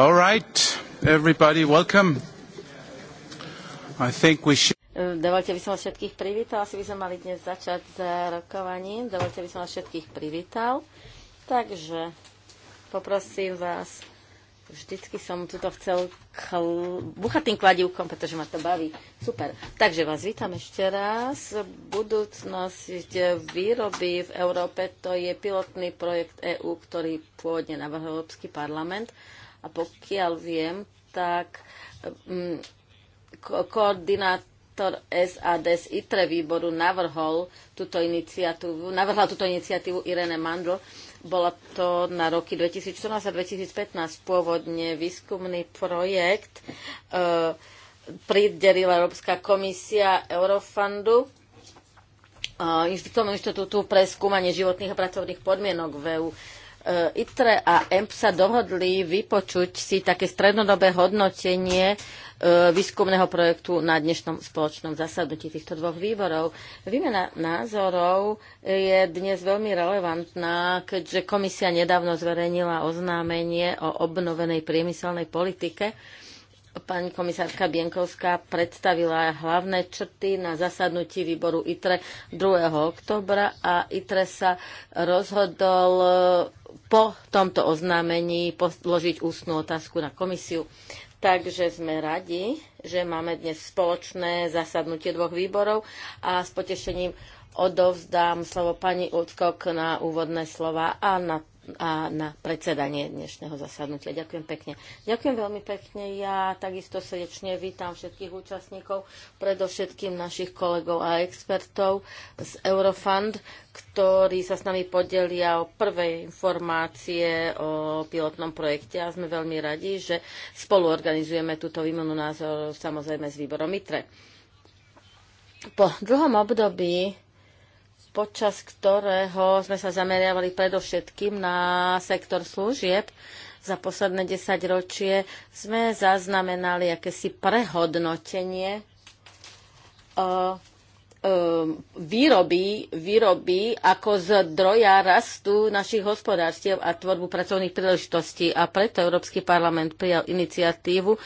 All right, everybody, welcome. I think we should... Dovolte by som vás všetkých privítal. Asi by sme mali dnes začať s rokovaním. Dovolte by som vás všetkých privítal. Takže poprosím vás, vždycky som tuto chcel chl... tým kladivkom, pretože ma to baví. Super. Takže vás vítam ešte raz. Budúcnosť výroby v Európe to je pilotný projekt EÚ, ktorý pôvodne navrhol Európsky parlament. A pokiaľ viem, tak mm, ko- koordinátor SAD z ITRE výboru navrhol túto iniciatívu, navrhla túto iniciatívu Irene Mandl. Bola to na roky 2014 a 2015 pôvodne výskumný projekt, e, pridelila Európska komisia Eurofundu e, tomu inštitútu pre skúmanie životných a pracovných podmienok v EU E, ITRE a EMP sa dohodli vypočuť si také strednodobé hodnotenie e, výskumného projektu na dnešnom spoločnom zasadnutí týchto dvoch výborov. Výmena názorov je dnes veľmi relevantná, keďže komisia nedávno zverejnila oznámenie o obnovenej priemyselnej politike, pani komisárka Bienkovská predstavila hlavné črty na zasadnutí výboru ITRE 2. oktobra a ITRE sa rozhodol e, po tomto oznámení položiť ústnú otázku na komisiu. Takže sme radi, že máme dnes spoločné zasadnutie dvoch výborov a s potešením odovzdám slovo pani Úckok na úvodné slova a na a na predsedanie dnešného zasadnutia. Ďakujem pekne. Ďakujem veľmi pekne. Ja takisto srdečne vítam všetkých účastníkov, predovšetkým našich kolegov a expertov z Eurofund, ktorí sa s nami podelia o prvé informácie o pilotnom projekte a sme veľmi radi, že spolu organizujeme túto výmenu názorov samozrejme s výborom ITRE. Po dlhom období počas ktorého sme sa zameriavali predovšetkým na sektor služieb. Za posledné 10 ročie sme zaznamenali akési prehodnotenie e, e, výroby, výroby ako zdroja rastu našich hospodárstiev a tvorbu pracovných príležitostí. A preto Európsky parlament prijal iniciatívu e,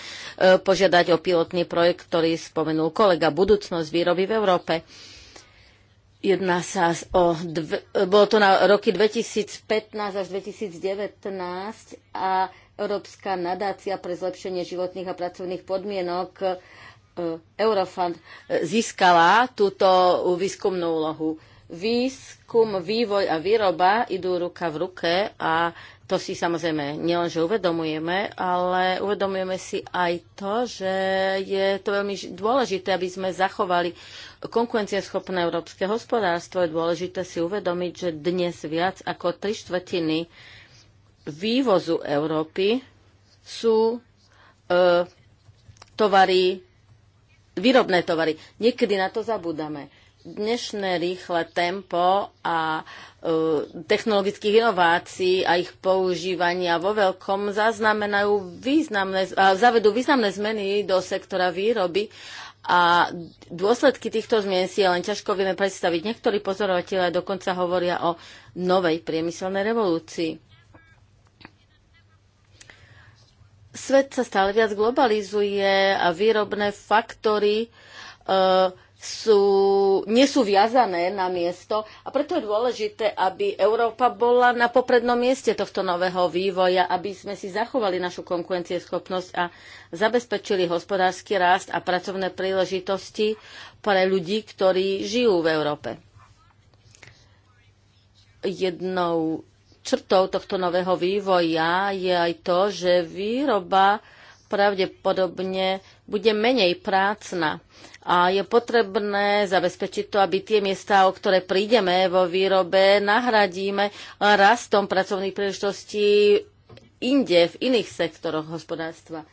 požiadať o pilotný projekt, ktorý spomenul kolega Budúcnosť výroby v Európe. Jedná sa o, dve, bolo to na roky 2015 až 2019 a Európska nadácia pre zlepšenie životných a pracovných podmienok e, Eurofund získala túto výskumnú úlohu. Výskum, vývoj a výroba idú ruka v ruke a to si samozrejme nielenže uvedomujeme, ale uvedomujeme si aj to, že je to veľmi dôležité, aby sme zachovali konkurencieschopné európske hospodárstvo. Je dôležité si uvedomiť, že dnes viac ako tri štvrtiny vývozu Európy sú e, tovary, výrobné tovary. Niekedy na to zabúdame dnešné rýchle tempo a e, technologických inovácií a ich používania vo veľkom zaznamenajú významné, zavedú významné zmeny do sektora výroby a dôsledky týchto zmien si len ťažko vieme predstaviť. Niektorí pozorovatelia dokonca hovoria o novej priemyselnej revolúcii. Svet sa stále viac globalizuje a výrobné faktory uh, sú, nie sú viazané na miesto a preto je dôležité, aby Európa bola na poprednom mieste tohto nového vývoja, aby sme si zachovali našu konkurencieschopnosť a zabezpečili hospodársky rast a pracovné príležitosti pre ľudí, ktorí žijú v Európe. Jednou črtou tohto nového vývoja je aj to, že výroba pravdepodobne bude menej prácna a je potrebné zabezpečiť to, aby tie miesta, o ktoré prídeme vo výrobe, nahradíme rastom pracovných príležitostí inde, v iných sektoroch hospodárstva. E,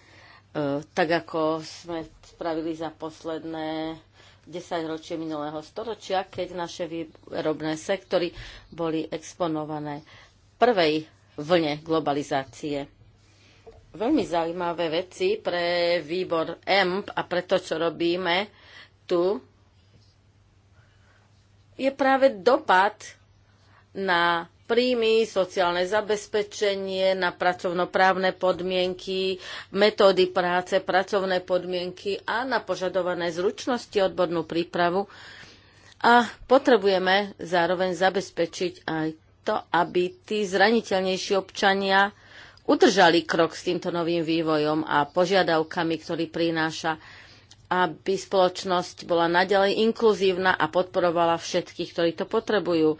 tak ako sme spravili za posledné 10 ročie minulého storočia, keď naše výrobné sektory boli exponované prvej vlne globalizácie veľmi zaujímavé veci pre výbor EMP a pre to, čo robíme tu, je práve dopad na príjmy, sociálne zabezpečenie, na pracovnoprávne podmienky, metódy práce, pracovné podmienky a na požadované zručnosti, odbornú prípravu. A potrebujeme zároveň zabezpečiť aj to, aby tí zraniteľnejší občania udržali krok s týmto novým vývojom a požiadavkami, ktorý prináša, aby spoločnosť bola naďalej inkluzívna a podporovala všetkých, ktorí to potrebujú. E,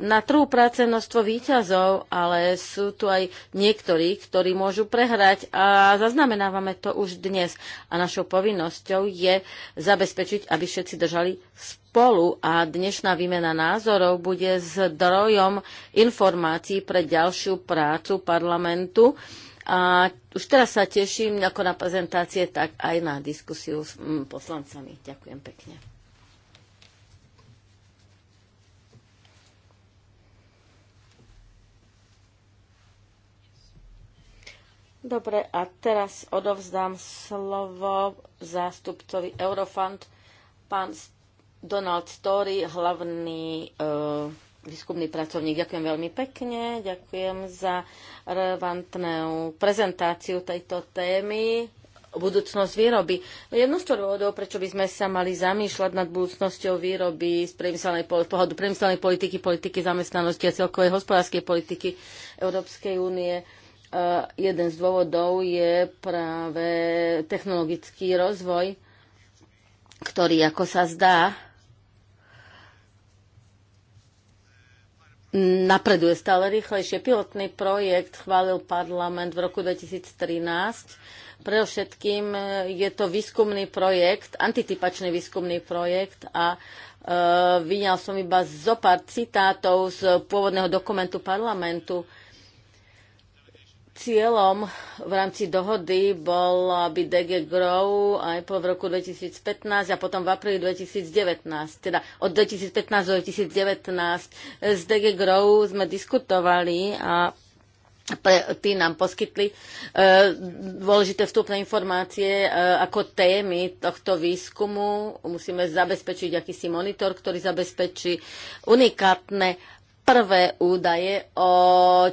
na trhu práce množstvo výťazov, ale sú tu aj niektorí, ktorí môžu prehrať a zaznamenávame to už dnes. A našou povinnosťou je zabezpečiť, aby všetci držali spoločnosť spolu a dnešná výmena názorov bude zdrojom informácií pre ďalšiu prácu parlamentu. A už teraz sa teším ako na prezentácie, tak aj na diskusiu s mm, poslancami. Ďakujem pekne. Dobre, a teraz odovzdám slovo zástupcovi Eurofund, pán Donald Story, hlavný e, výskumný pracovník. Ďakujem veľmi pekne, ďakujem za relevantnú prezentáciu tejto témy budúcnosť výroby. Je množstvo dôvodov, prečo by sme sa mali zamýšľať nad budúcnosťou výroby z priemyselnej, pohľadu priemyselnej politiky, politiky zamestnanosti a celkovej hospodárskej politiky Európskej únie. Uh, jeden z dôvodov je práve technologický rozvoj ktorý, ako sa zdá, napreduje stále rýchlejšie. Pilotný projekt chválil parlament v roku 2013. Pre všetkým e, je to výskumný projekt, antitypačný výskumný projekt a e, vyňal som iba zo pár citátov z pôvodného dokumentu parlamentu. E, Cieľom v rámci dohody bol, aby DG Grow aj po v roku 2015 a potom v apríli 2019, teda od 2015 do 2019 s DG Grow sme diskutovali a pre, tí nám poskytli e, dôležité vstupné informácie e, ako témy tohto výskumu. Musíme zabezpečiť akýsi monitor, ktorý zabezpečí unikátne prvé údaje o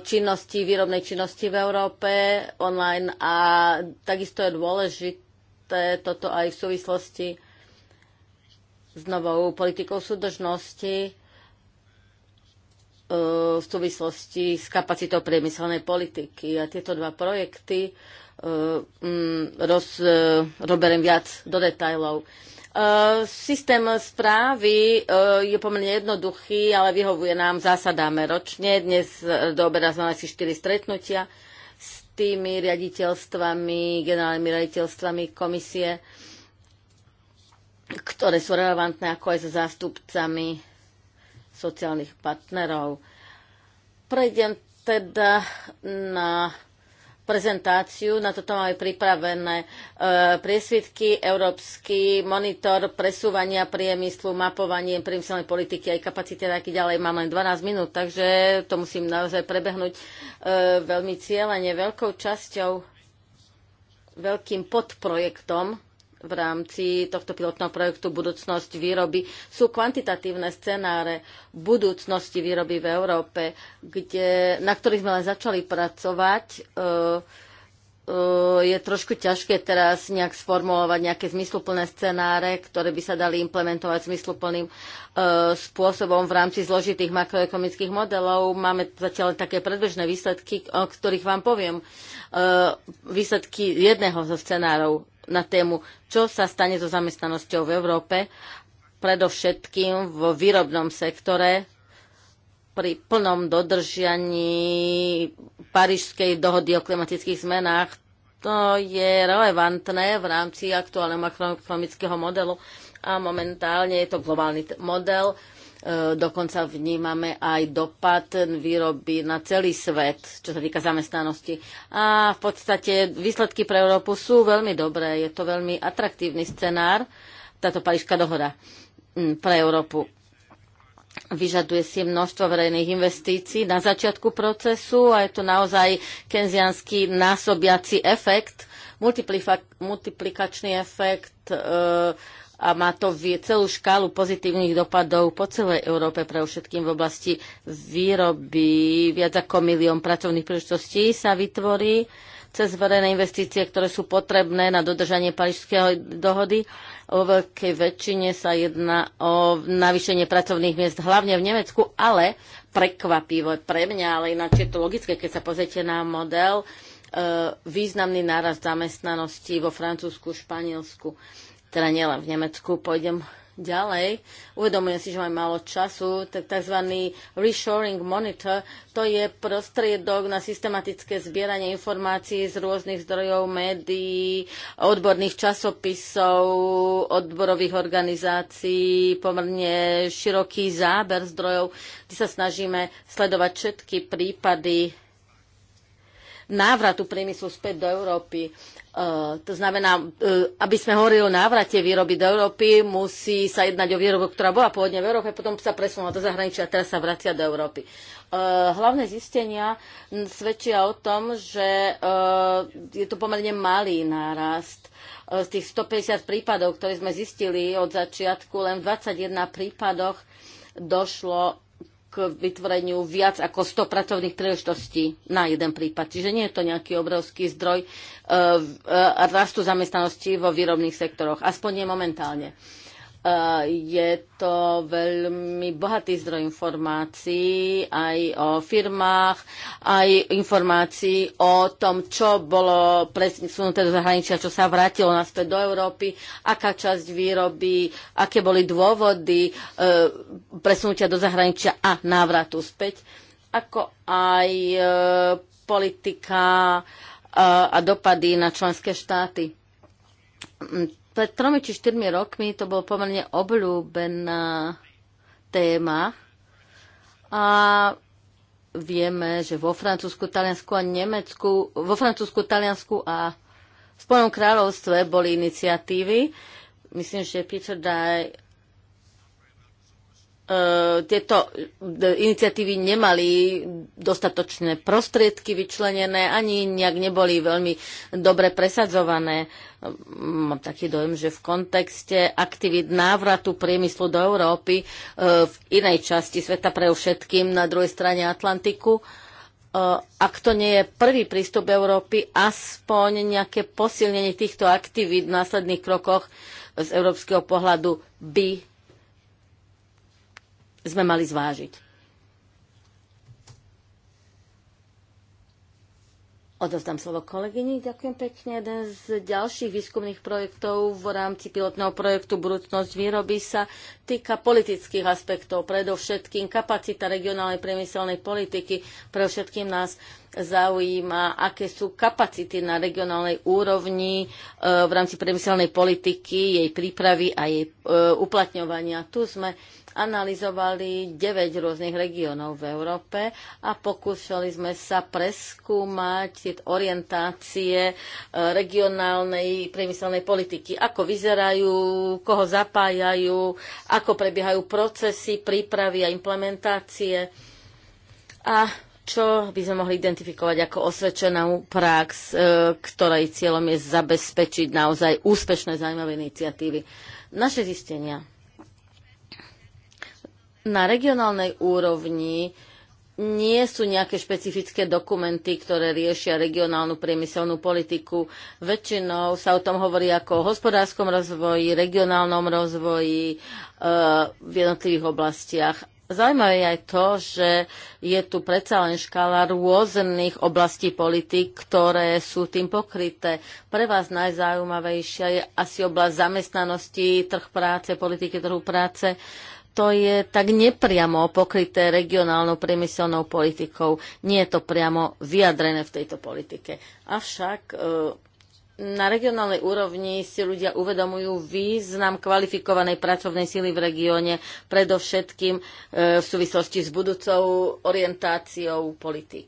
činnosti, výrobnej činnosti v Európe online a takisto je dôležité toto aj v súvislosti s novou politikou súdržnosti e, v súvislosti s kapacitou priemyselnej politiky. A tieto dva projekty e, mm, rozoberiem e, viac do detajlov. Eh, systém správy eh, je pomerne jednoduchý, ale vyhovuje nám, zásadáme ročne. Dnes eh, do obeda sme asi 4 stretnutia s tými riaditeľstvami, generálnymi riaditeľstvami komisie, ktoré sú relevantné ako aj so zástupcami sociálnych partnerov. Prejdem teda na prezentáciu. Na toto máme pripravené e, priesvitky, Európsky monitor presúvania priemyslu, mapovanie priemyselnej politiky aj kapacity aký ďalej. Mám len 12 minút, takže to musím naozaj prebehnúť e, veľmi cieľene. Veľkou časťou, veľkým podprojektom v rámci tohto pilotného projektu Budúcnosť výroby sú kvantitatívne scenáre budúcnosti výroby v Európe, kde, na ktorých sme len začali pracovať. E, e je trošku ťažké teraz nejak sformulovať nejaké zmysluplné scenáre, ktoré by sa dali implementovať zmysluplným e, spôsobom v rámci zložitých makroekonomických modelov. Máme zatiaľ také predbežné výsledky, o ktorých vám poviem. E, výsledky jedného zo scenárov na tému, čo sa stane so zamestnanosťou v Európe, predovšetkým v výrobnom sektore pri plnom dodržianí Parížskej dohody o klimatických zmenách. To je relevantné v rámci aktuálneho makroekonomického modelu a momentálne je to globálny model, E, dokonca vnímame aj dopad výroby na celý svet, čo sa týka zamestnanosti. A v podstate výsledky pre Európu sú veľmi dobré. Je to veľmi atraktívny scenár, táto Parížská dohoda pre Európu. Vyžaduje si množstvo verejných investícií na začiatku procesu a je to naozaj kenzianský násobiaci efekt, multiplikačný efekt e, a má to celú škálu pozitívnych dopadov po celej Európe, pre všetkým v oblasti výroby. Viac ako milión pracovných príležitostí sa vytvorí cez verejné investície, ktoré sú potrebné na dodržanie Parížskej dohody. O veľkej väčšine sa jedná o navýšenie pracovných miest, hlavne v Nemecku, ale prekvapivo pre mňa, ale ináč je to logické, keď sa pozrite na model, e, významný nárast zamestnanosti vo Francúzsku, Španielsku teda nielen v Nemecku, pôjdem ďalej. Uvedomujem si, že mám málo času, tak tzv. reshoring monitor, to je prostriedok na systematické zbieranie informácií z rôznych zdrojov, médií, odborných časopisov, odborových organizácií, pomerne široký záber zdrojov, kde sa snažíme sledovať všetky prípady návratu priemyslu späť do Európy. E, to znamená, e, aby sme hovorili o návrate výroby do Európy, musí sa jednať o výrobu, ktorá bola pôvodne v Európe, potom sa presunula do zahraničia a teraz sa vracia do Európy. E, hlavné zistenia svedčia o tom, že je tu pomerne malý nárast. Z tých 150 prípadov, ktoré sme zistili od začiatku, len v 21 prípadoch došlo k vytvoreniu viac ako 100 pracovných príležitostí na jeden prípad. Čiže nie je to nejaký obrovský zdroj eh, eh, rastu zamestnanosti vo výrobných sektoroch, aspoň nie momentálne. Je to veľmi bohatý zdroj informácií aj o firmách, aj informácií o tom, čo bolo presunuté do zahraničia, čo sa vrátilo naspäť do Európy, aká časť výroby, aké boli dôvody e, presunutia do zahraničia a návratu späť, ako aj e, politika e, a dopady na členské štáty pred tromi či štyrmi rokmi to bolo pomerne obľúbená téma a vieme, že vo Francúzsku, Taliansku a Nemecku, vo Francúzsku, Taliansku a Spojenom kráľovstve boli iniciatívy. Myslím, že Peter Dye E, tieto iniciatívy nemali dostatočné prostriedky vyčlenené, ani nejak neboli veľmi dobre presadzované. Mám taký dojem, že v kontexte aktivít návratu priemyslu do Európy e, v inej časti sveta pre všetkým na druhej strane Atlantiku, e, ak to nie je prvý prístup Európy, aspoň nejaké posilnenie týchto aktivít v následných krokoch z európskeho pohľadu by sme mali zvážiť. Odovzdám slovo kolegyni. Ďakujem pekne. Jeden z ďalších výskumných projektov v rámci pilotného projektu Budúcnosť výroby sa týka politických aspektov, predovšetkým kapacita regionálnej priemyselnej politiky, pre všetkým nás zaujíma, aké sú kapacity na regionálnej úrovni e, v rámci priemyselnej politiky, jej prípravy a jej e, uplatňovania. Tu sme analyzovali 9 rôznych regiónov v Európe a pokúšali sme sa preskúmať tie orientácie e, regionálnej priemyselnej politiky. Ako vyzerajú, koho zapájajú, ako prebiehajú procesy prípravy a implementácie. A čo by sme mohli identifikovať ako osvedčenú prax, e, ktorej cieľom je zabezpečiť naozaj úspešné zaujímavé iniciatívy. Naše zistenia. Na regionálnej úrovni nie sú nejaké špecifické dokumenty, ktoré riešia regionálnu priemyselnú politiku. Väčšinou sa o tom hovorí ako o hospodárskom rozvoji, regionálnom rozvoji e, v jednotlivých oblastiach Zaujímavé je aj to, že je tu predsa len škála rôznych oblastí politik, ktoré sú tým pokryté. Pre vás najzaujímavejšia je asi oblasť zamestnanosti, trh práce, politiky trhu práce. To je tak nepriamo pokryté regionálnou priemyselnou politikou. Nie je to priamo vyjadrené v tejto politike. Avšak e na regionálnej úrovni si ľudia uvedomujú význam kvalifikovanej pracovnej síly v regióne, predovšetkým e, v súvislosti s budúcou orientáciou politik.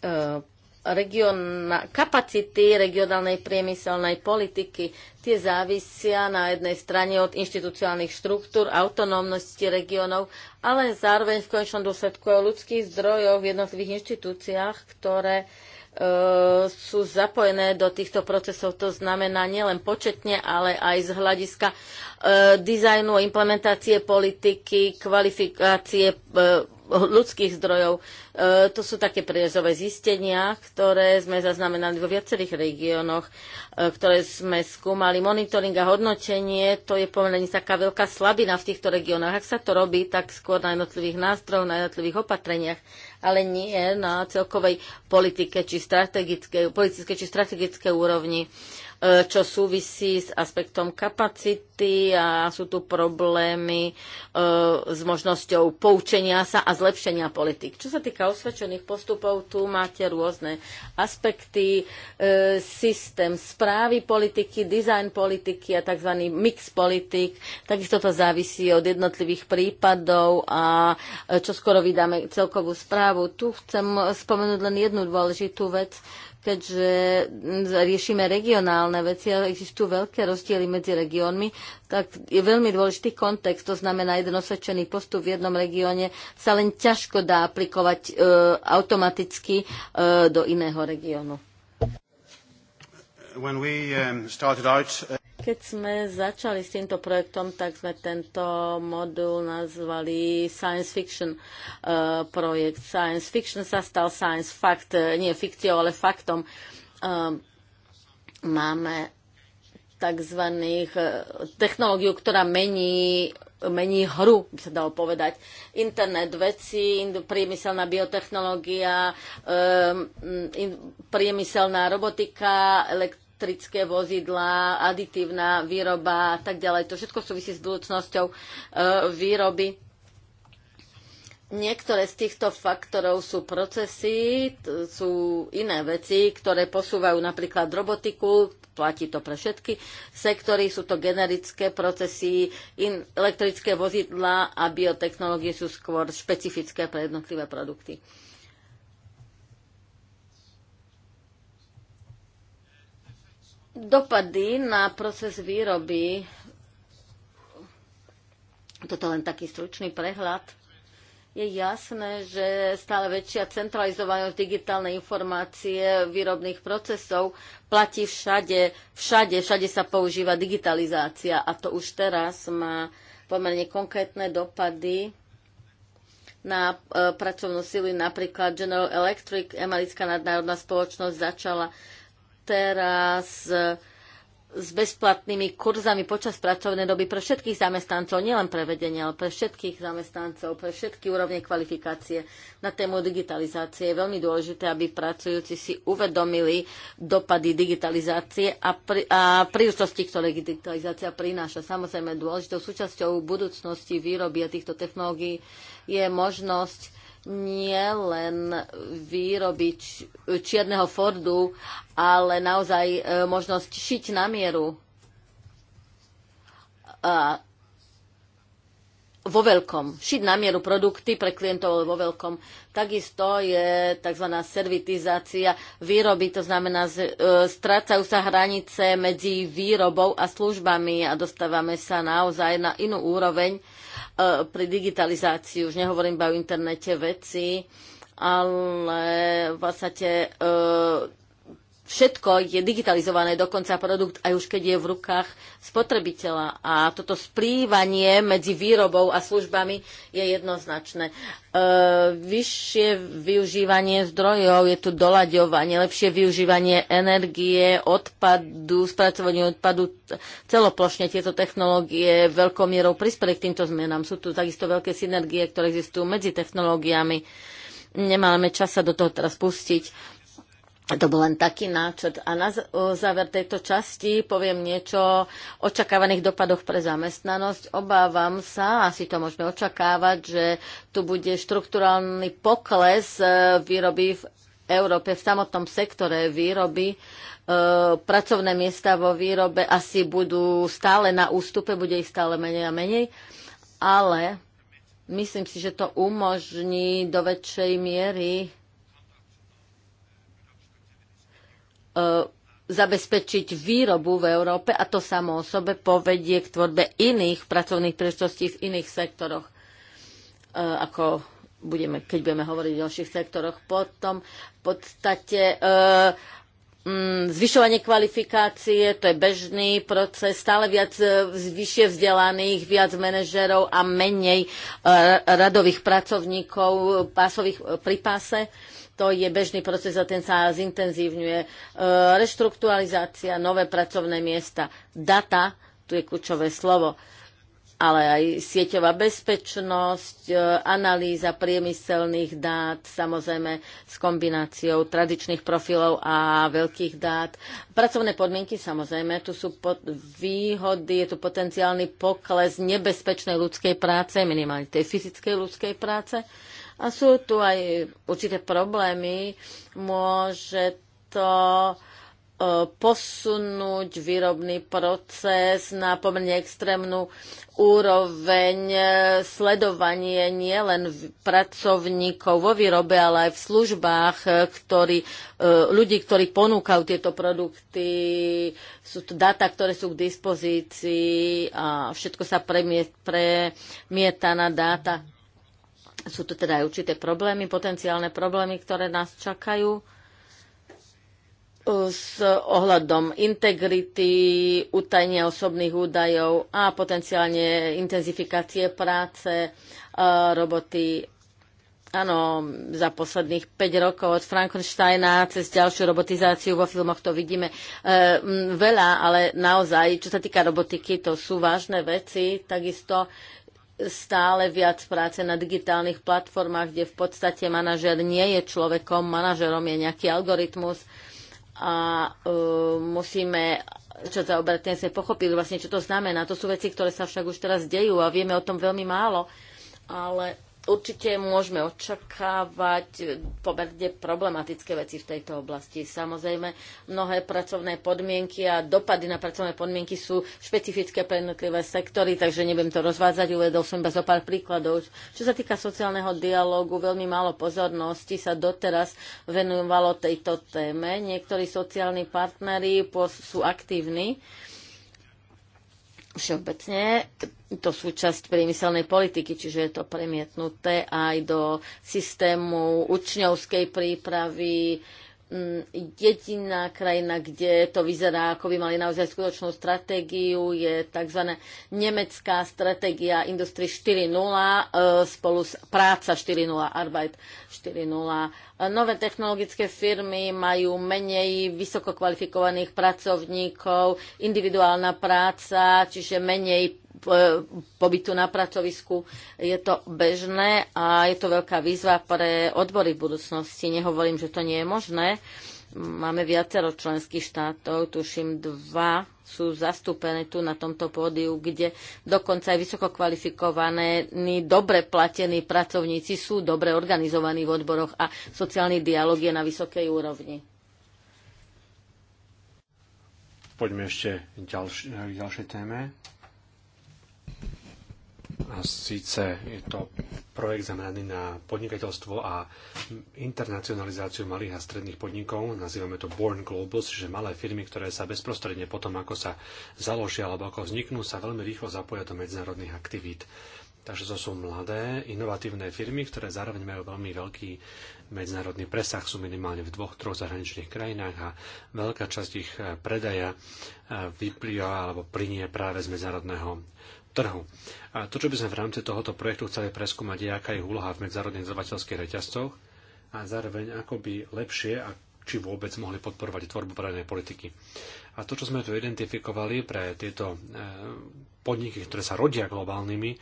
E, region kapacity regionálnej priemyselnej politiky. Tie závisia na jednej strane od inštitucionálnych štruktúr, autonómnosti regionov, ale zároveň v končnom dôsledku o ľudských zdrojov v jednotlivých inštitúciách, ktoré e, sú zapojené do týchto procesov. To znamená nielen početne, ale aj z hľadiska e, dizajnu, implementácie politiky, kvalifikácie e, ľudských zdrojov. E, to sú také priezové zistenia, ktoré sme zaznamenali vo viacerých regiónoch, e, ktoré sme skúmali. Monitoring a hodnotenie, to je pomerne taká veľká slabina v týchto regiónoch. Ak sa to robí, tak skôr na jednotlivých nástrojoch, na jednotlivých opatreniach, ale nie na celkovej politike či strategickej, či strategické úrovni. E, E, čo súvisí s aspektom kapacity a sú tu problémy e, s možnosťou poučenia sa a zlepšenia politik. Čo sa týka osvedčených postupov, tu máte rôzne aspekty, e, systém správy politiky, dizajn politiky a tzv. mix politik. Takisto to závisí od jednotlivých prípadov a čo skoro vydáme celkovú správu. Tu chcem spomenúť len jednu dôležitú vec, keďže riešime regionálne veci a existujú veľké rozdiely medzi regiónmi, tak je veľmi dôležitý kontext. To znamená, jeden osvedčený postup v jednom regióne sa len ťažko dá aplikovať e, automaticky e, do iného regiónu. Um, uh, Keď sme začali s týmto projektom, tak sme tento modul nazvali science fiction uh, projekt. Science fiction sa stal science fact, uh, nie fikciou, ale faktom. Um, máme tzv. technológiu, ktorá mení mení hru, by sa dalo povedať. Internet veci, priemyselná biotechnológia, um, priemyselná robotika, elektrické vozidlá, aditívna výroba a tak ďalej. To všetko súvisí s budúcnosťou e, výroby. Niektoré z týchto faktorov sú procesy, sú iné veci, ktoré posúvajú napríklad robotiku, platí to pre všetky sektory, sú to generické procesy, in, elektrické vozidla a biotechnológie sú skôr špecifické pre jednotlivé produkty. dopady na proces výroby. Toto len taký stručný prehľad. Je jasné, že stále väčšia centralizovanosť digitálnej informácie výrobných procesov platí všade, všade, všade sa používa digitalizácia a to už teraz má pomerne konkrétne dopady na e, pracovnú silu. Napríklad General Electric, americká nadnárodná spoločnosť, začala teraz s bezplatnými kurzami počas pracovnej doby pre všetkých zamestnancov, nielen pre vedenie, ale pre všetkých zamestnancov, pre všetky úrovne kvalifikácie na tému digitalizácie. Je veľmi dôležité, aby pracujúci si uvedomili dopady digitalizácie a, pri, a príležitosti, ktoré digitalizácia prináša. Samozrejme, dôležitou súčasťou budúcnosti výroby a týchto technológií je možnosť nie len výroby čierneho Fordu, ale naozaj e, možnosť šiť na mieru a vo veľkom. Šiť na mieru produkty pre klientov vo veľkom. Takisto je tzv. servitizácia výroby, to znamená, e, strácajú sa hranice medzi výrobou a službami a dostávame sa naozaj na inú úroveň, E, pri digitalizácii, už nehovorím iba o internete veci, ale v podstate e, všetko je digitalizované, dokonca produkt aj už keď je v rukách spotrebiteľa. A toto splývanie medzi výrobou a službami je jednoznačné. E, vyššie využívanie zdrojov, je tu doľaďovanie, lepšie využívanie energie, odpadu, spracovanie odpadu, celoplošne tieto technológie veľkou mierou prispeli k týmto zmenám. Sú tu takisto veľké synergie, ktoré existujú medzi technológiami. Nemáme čas sa do toho teraz pustiť to bol len taký náčrt. A na záver tejto časti poviem niečo o očakávaných dopadoch pre zamestnanosť. Obávam sa, asi to môžeme očakávať, že tu bude štrukturálny pokles e, výroby v Európe, v samotnom sektore výroby. E, pracovné miesta vo výrobe asi budú stále na ústupe, bude ich stále menej a menej. Ale myslím si, že to umožní do väčšej miery E, zabezpečiť výrobu v Európe a to samo o sebe povedie k tvorbe iných pracovných príležitostí v iných sektoroch, e, ako budeme, keď budeme hovoriť o ďalších sektoroch. Potom v podstate e, mm, zvyšovanie kvalifikácie, to je bežný proces, stále viac vyššie vzdelaných, viac manažerov a menej radových pracovníkov pásových pri páse to je bežný proces a ten sa zintenzívňuje. E, reštrukturalizácia, nové pracovné miesta, data, tu je kľúčové slovo, ale aj sieťová bezpečnosť, e, analýza priemyselných dát, samozrejme s kombináciou tradičných profilov a veľkých dát. Pracovné podmienky, samozrejme, tu sú výhody, je tu potenciálny pokles nebezpečnej ľudskej práce, minimálne tej fyzickej ľudskej práce a sú tu aj určité problémy. Môže to e, posunúť výrobný proces na pomerne extrémnu úroveň e, sledovanie nielen pracovníkov vo výrobe, ale aj v službách, e, ktorí, ľudí, ktorí ponúkajú tieto produkty, sú to dáta, ktoré sú k dispozícii a všetko sa premieta na dáta sú tu teda aj určité problémy, potenciálne problémy, ktoré nás čakajú e, s ohľadom integrity, utajenia osobných údajov a potenciálne intenzifikácie práce e, roboty. Áno, za posledných 5 rokov od Frankensteina cez ďalšiu robotizáciu vo filmoch to vidíme e, veľa, ale naozaj, čo sa týka robotiky, to sú vážne veci. Takisto stále viac práce na digitálnych platformách, kde v podstate manažer nie je človekom, manažerom je nejaký algoritmus a uh, musíme čo sa obratne sa pochopili vlastne, čo to znamená. To sú veci, ktoré sa však už teraz dejú a vieme o tom veľmi málo, ale určite môžeme očakávať pomerne problematické veci v tejto oblasti. Samozrejme, mnohé pracovné podmienky a dopady na pracovné podmienky sú špecifické pre jednotlivé sektory, takže nebudem to rozvádzať, uvedol som iba zo pár príkladov. Čo sa týka sociálneho dialógu, veľmi málo pozornosti sa doteraz venovalo tejto téme. Niektorí sociálni partneri sú aktívni všeobecne. To súčasť priemyselnej politiky, čiže je to premietnuté aj do systému učňovskej prípravy, Mm, jediná krajina, kde to vyzerá, ako by mali naozaj skutočnú stratégiu, je tzv. nemecká stratégia Industrie 4.0 e, spolu s práca 4.0, Arbeit 4.0. E, nové technologické firmy majú menej vysokokvalifikovaných kvalifikovaných pracovníkov, individuálna práca, čiže menej pobytu na pracovisku. Je to bežné a je to veľká výzva pre odbory v budúcnosti. Nehovorím, že to nie je možné. Máme viacero členských štátov, tuším dva sú zastúpené tu na tomto pódiu, kde dokonca aj vysoko kvalifikovaní, dobre platení pracovníci sú dobre organizovaní v odboroch a sociálny dialog je na vysokej úrovni. Poďme ešte ďalš- k ďalšej téme. A síce je to projekt zameraný na podnikateľstvo a internacionalizáciu malých a stredných podnikov. Nazývame to Born Globals, čiže malé firmy, ktoré sa bezprostredne potom, ako sa založia alebo ako vzniknú, sa veľmi rýchlo zapoja do medzinárodných aktivít. Takže to sú mladé, inovatívne firmy, ktoré zároveň majú veľmi veľký medzinárodný presah, sú minimálne v dvoch, troch zahraničných krajinách a veľká časť ich eh, predaja eh, vyplýva alebo plinie práve z medzinárodného trhu. A to, čo by sme v rámci tohoto projektu chceli preskúmať, je, aká je úloha v medzárodných zadavateľských reťazcoch a zároveň ako by lepšie a či vôbec mohli podporovať tvorbu verejnej politiky. A to, čo sme tu identifikovali pre tieto e, podniky, ktoré sa rodia globálnymi,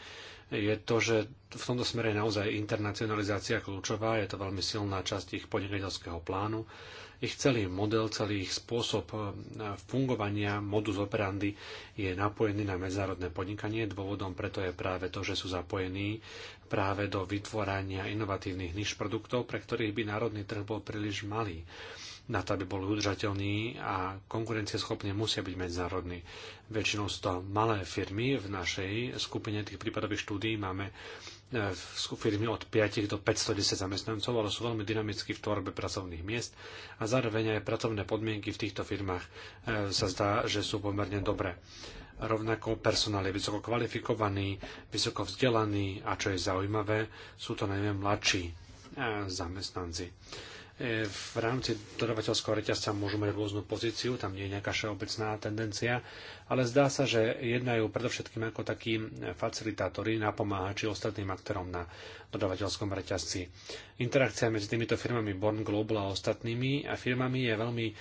je to, že v tomto smere je naozaj internacionalizácia kľúčová, je to veľmi silná časť ich podnikateľského plánu ich celý model, celý ich spôsob e, fungovania, modus operandi je napojený na medzárodné podnikanie. Dôvodom preto je práve to, že sú zapojení práve do vytvorania inovatívnych niž produktov, pre ktorých by národný trh bol príliš malý. Na to, aby boli udržateľní a konkurencieschopne musia byť medzinárodní. Väčšinou sú to malé firmy. V našej skupine tých prípadových štúdií máme firmy e, od 5 do 510 zamestnancov, ale sú veľmi dynamicky v tvorbe pracovných miest a zároveň aj pracovné podmienky v týchto firmách e, sa zdá, že sú pomerne dobré. Rovnako personál je vysoko kvalifikovaný, vysoko vzdelaný a čo je zaujímavé, sú to najmä mladší e, zamestnanci. E, v rámci dodavateľského reťazca môžu mať rôznu pozíciu, tam nie je nejaká všeobecná tendencia, ale zdá sa, že jednajú predovšetkým ako takí facilitátori, napomáhači ostatným aktorom na dodavateľskom reťazci. Interakcia medzi týmito firmami Born Global a ostatnými a firmami je veľmi e,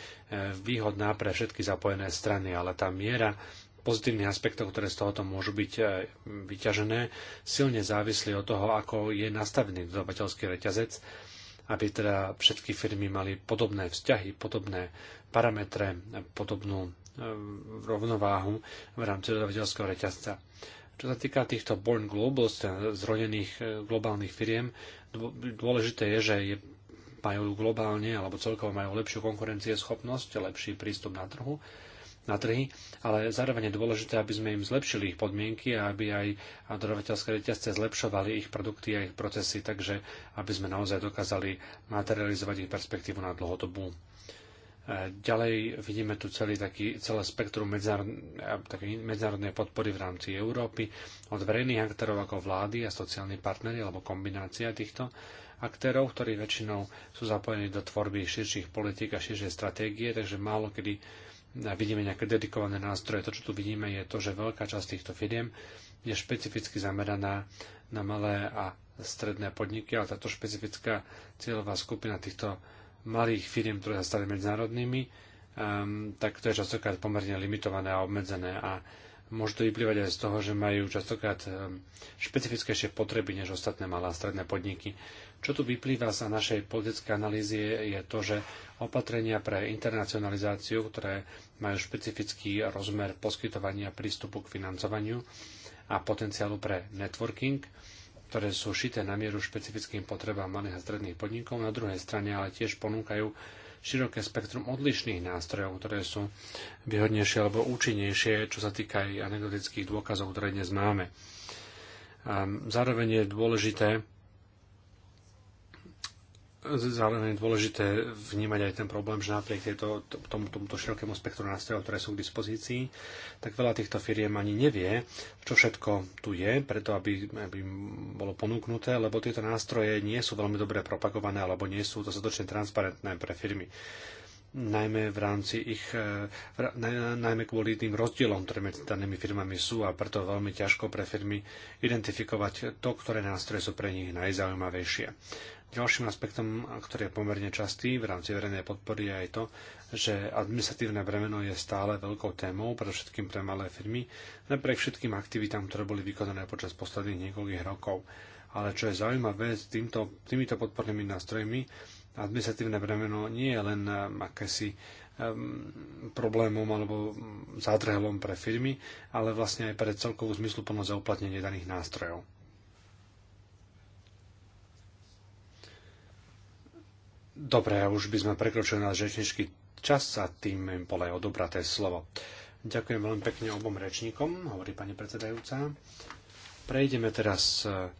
výhodná pre všetky zapojené strany, ale tá miera pozitívnych aspektov, ktoré z tohoto môžu byť e, vyťažené, silne závislí od toho, ako je nastavený dodavateľský reťazec aby teda všetky firmy mali podobné vzťahy, podobné parametre, podobnú e, rovnováhu v rámci dodavateľského reťazca. Čo sa týka týchto born globals, teda zrodených e, globálnych firiem, dôležité je, že je majú globálne alebo celkovo majú lepšiu konkurencieschopnosť, lepší prístup na trhu na trhy, ale zároveň je dôležité, aby sme im zlepšili ich podmienky a aby aj dodavateľské reťazce zlepšovali ich produkty a ich procesy, takže aby sme naozaj dokázali materializovať ich perspektívu na dlhodobú. E, ďalej vidíme tu celý taký, celé spektrum e, medzinárodnej podpory v rámci Európy od verejných aktérov ako vlády a sociálni partnery alebo kombinácia týchto aktérov, ktorí väčšinou sú zapojení do tvorby širších politik a širšej stratégie, takže málo kedy vidíme nejaké dedikované nástroje. To, čo tu vidíme, je to, že veľká časť týchto firiem je špecificky zameraná na malé a stredné podniky, ale táto špecifická cieľová skupina týchto malých firiem, ktoré sa stali medzinárodnými, um, tak to je častokrát pomerne limitované a obmedzené. A môže to vyplývať aj z toho, že majú častokrát eh, špecifickejšie potreby než ostatné malé a stredné podniky. Čo tu vyplýva z našej politické analýzy je to, že opatrenia pre internacionalizáciu, ktoré majú špecifický rozmer poskytovania prístupu k financovaniu a potenciálu pre networking, ktoré sú šité na mieru špecifickým potrebám malých a stredných podnikov, na druhej strane ale tiež ponúkajú široké spektrum odlišných nástrojov, ktoré sú výhodnejšie alebo účinnejšie, čo sa týka aj anekdotických dôkazov, ktoré dnes máme. A zároveň je dôležité zároveň je dôležité vnímať aj ten problém, že napriek tejto, tom, tomuto širokému spektru nástrojov, ktoré sú k dispozícii, tak veľa týchto firiem ani nevie, čo všetko tu je, preto aby, aby bolo ponúknuté, lebo tieto nástroje nie sú veľmi dobre propagované alebo nie sú dostatočne transparentné pre firmy najmä v rámci ich, e, najmä kvôli tým rozdielom, ktoré medzi danými firmami sú a preto veľmi ťažko pre firmy identifikovať to, ktoré nástroje sú pre nich najzaujímavejšie. Ďalším aspektom, ktorý je pomerne častý v rámci verejnej podpory, je aj to, že administratívne bremeno je stále veľkou témou, pre všetkým pre malé firmy, napriek všetkým aktivitám, ktoré boli vykonané počas posledných niekoľkých rokov. Ale čo je zaujímavé, s týmto, týmito podpornými nástrojmi administratívne bremeno nie je len um, akési um, problémom alebo zádrhelom pre firmy, ale vlastne aj pre celkovú zmysluplnosť a uplatnenie daných nástrojov. Dobre, už by sme prekročili náš rečničký čas a tým im pole odobraté slovo. Ďakujem veľmi pekne obom rečníkom, hovorí pani predsedajúca. Prejdeme teraz e,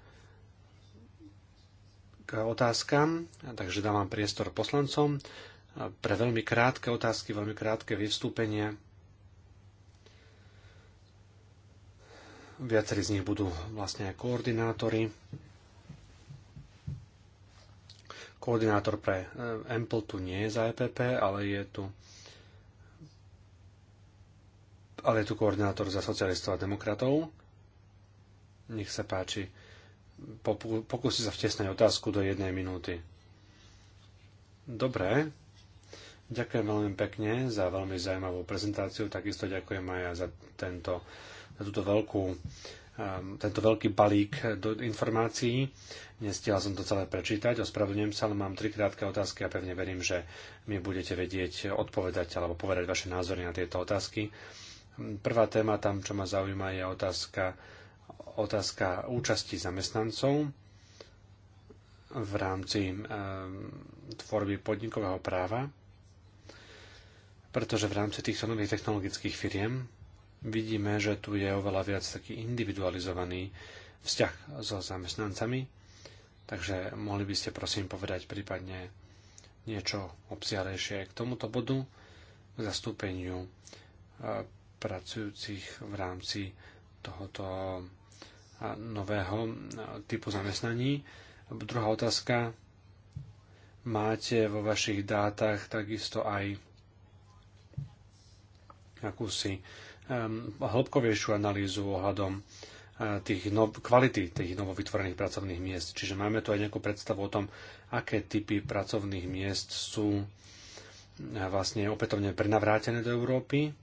k otázkam, takže dávam priestor poslancom e, pre veľmi krátke otázky, veľmi krátke vystúpenie. Viacerí z nich budú vlastne aj koordinátori. Koordinátor pre eh, Ample tu nie je za EPP, ale je tu ale je tu koordinátor za socialistov a demokratov. Nech sa páči. Pokúsi sa vtesnať otázku do jednej minúty. Dobre. Ďakujem veľmi pekne za veľmi zaujímavú prezentáciu. Takisto ďakujem aj za, tento, za túto veľkú Ehm, tento veľký balík eh, do informácií. Nestihla som to celé prečítať, ospravedlňujem sa, ale mám tri krátke otázky a pevne verím, že mi budete vedieť eh, odpovedať alebo povedať vaše názory na tieto otázky. Hm, prvá téma tam, čo ma zaujíma, je otázka, otázka účasti zamestnancov v rámci um, tvorby podnikového práva, pretože v rámci týchto nových technologických firiem vidíme, že tu je oveľa viac taký individualizovaný vzťah so zamestnancami. Takže mohli by ste prosím povedať prípadne niečo obsiahlejšie k tomuto bodu, k zastúpeniu e, pracujúcich v rámci tohoto e, nového e, typu zamestnaní. Druhá otázka. Máte vo vašich dátach takisto aj akúsi Ehm, hĺbkovejšiu analýzu ohľadom e, tých no, kvality tých novovytvorených pracovných miest. Čiže máme tu aj nejakú predstavu o tom, aké typy pracovných miest sú e, vlastne opätovne prenavrátené do Európy,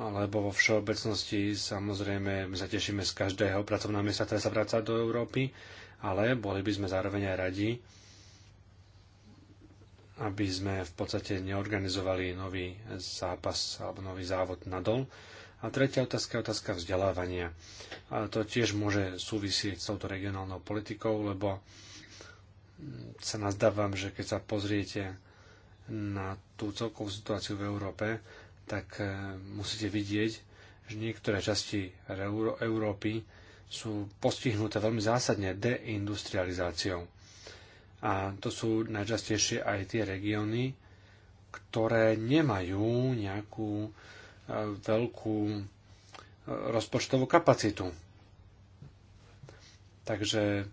alebo vo všeobecnosti samozrejme sa tešíme z každého pracovného miesta, ktoré sa vráca do Európy, ale boli by sme zároveň aj radi, aby sme v podstate neorganizovali nový zápas alebo nový závod na A tretia otázka je otázka vzdelávania. A to tiež môže súvisieť s touto regionálnou politikou, lebo sa nazdávam, že keď sa pozriete na tú celkovú situáciu v Európe, tak e, musíte vidieť, že niektoré časti Euró- Európy sú postihnuté veľmi zásadne deindustrializáciou. A to sú najčastejšie aj tie regióny, ktoré nemajú nejakú e, veľkú e, rozpočtovú kapacitu. Takže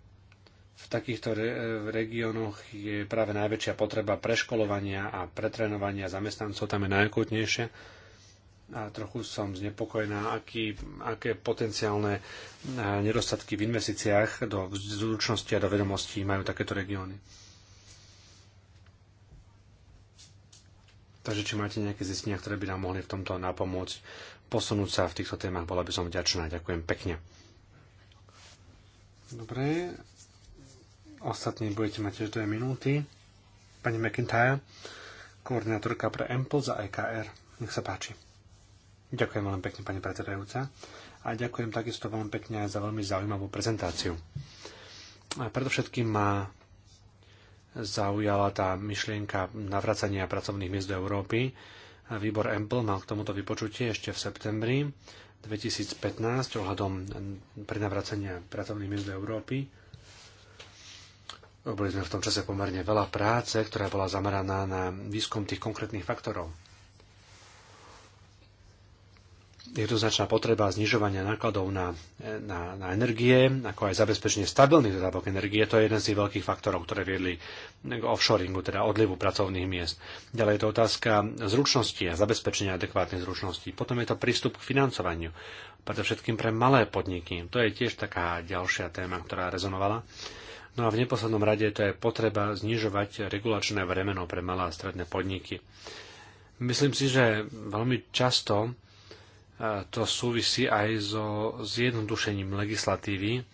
v takýchto re- e, regiónoch je práve najväčšia potreba preškolovania a pretrenovania zamestnancov, tam je najakutnejšia a trochu som znepokojená, aký, aké potenciálne e, nedostatky v investíciách do zručnosti a do vedomostí majú takéto regióny. Takže či máte nejaké zistenia, ktoré by nám mohli v tomto napomôcť posunúť sa v týchto témach, bola by som vďačná. Ďakujem pekne. Dobre. Ostatní budete mať tiež dve minúty. Pani McIntyre, koordinátorka pre Ample za EKR. Nech sa páči. Ďakujem veľmi pekne, pani predsedajúca. A ďakujem takisto veľmi pekne aj za veľmi zaujímavú prezentáciu. A predovšetkým ma zaujala tá myšlienka navracania pracovných miest do Európy. Výbor EMPL mal k tomuto vypočutie ešte v septembri 2015 ohľadom prenavracania pracovných miest do Európy. Boli sme v tom čase pomerne veľa práce, ktorá bola zameraná na výskum tých konkrétnych faktorov je tu značná potreba znižovania nákladov na, na, na energie, ako aj zabezpečenie stabilných dodávok energie. To je jeden z tých veľkých faktorov, ktoré viedli k offshoringu, teda odlivu pracovných miest. Ďalej je to otázka zručnosti a zabezpečenia adekvátnych zručností. Potom je to prístup k financovaniu, predovšetkým pre malé podniky. To je tiež taká ďalšia téma, ktorá rezonovala. No a v neposlednom rade to je potreba znižovať regulačné vremeno pre malé a stredné podniky. Myslím si, že veľmi často to súvisí aj so zjednodušením legislatívy